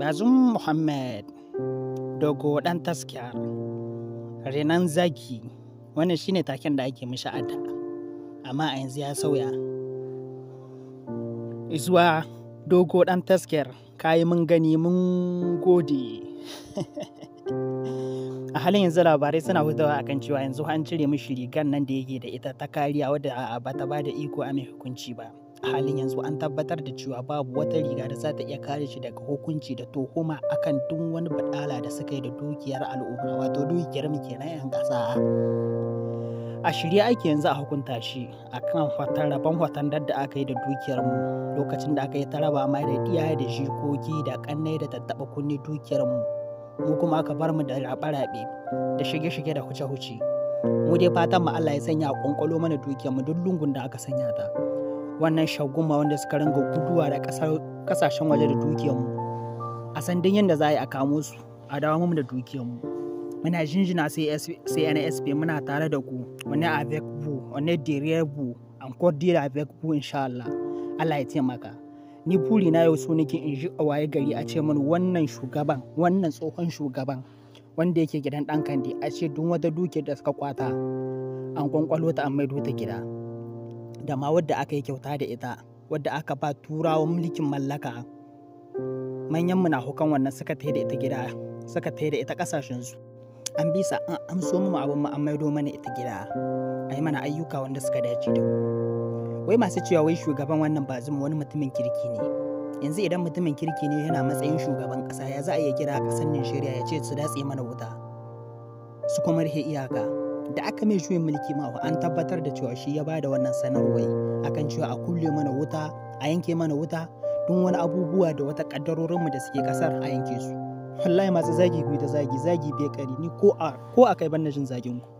Bazum Muhammad Dogo dan taskiya renan zaki wannan shine taken da ake mishi ada amma a yanzu ya sauya zuwa dogo dan taskiyar kayi mun gani mun gode a halin yanzu labarai suna hutawa akan cewa yanzu an cire mishi rigar nan da yake da ita ta kariya wadda ba ta ba da iko a mai hukunci ba a halin yanzu an tabbatar da cewa babu wata riga da za ta iya kare shi daga hukunci da tuhuma akan duk wani badala da suka yi da dukiyar al'umma wato dukiyar mu kenan yan ƙasa a shirye ake yanzu a hukunta shi akan fatan rabon fatan da aka yi da dukiyar mu lokacin da aka yi ta raba mai da iyaye da jikoki da kannai da tattaba kunne dukiyar mu mu kuma aka bar mu da rabe-rabe da shige-shige da huce-huce mu dai fatan mu Allah ya sanya a kwankwalo mana dukiyar mu duk lungun da aka sanya ta wannan shaguma wanda suka ringa guduwa da kasashen waje da dukiyarmu a sandin yadda za a yi a kamo su a dawo mu da dukiyarmu muna jinjina sai nsp muna tare da ku wani avec bu wani bu an encore dire avec bu insha Allah Allah ya taimaka ni buri na yau so nake in ji a waye gari a ce min wannan shugaban wannan tsohon shugaban wanda yake gidan dan kandi a ce duk wata dukiyar da suka kwata an kwankwalo ta an maido ta gida da ma wadda aka yi kyauta da ita wadda aka ba turawa mulkin mallaka manyan hukan wannan suka tai da ita gida suka tai da ita kasashensu an bisa an amso mu abin mu an maido mana ita gida a yi mana ayyuka wanda suka dace da wai masu cewa wai shugaban wannan bazum wani mutumin kirki ne yanzu idan mutumin kirki ne yana matsayin shugaban kasa ya za a iya kira kasan Nigeria ya ce su datse mana wuta su kuma rufe iyaka da aka mai juyin mulki ma an tabbatar da cewa shi ya bada wannan sanarwai akan cewa a kulle mana wuta a yanke mana wuta don wani abubuwa da wata kaddarorinmu da suke kasar a yanke su wallahi masu zagi ku da zagi zagi bai kari ni ko a kai ban na jin zagin ku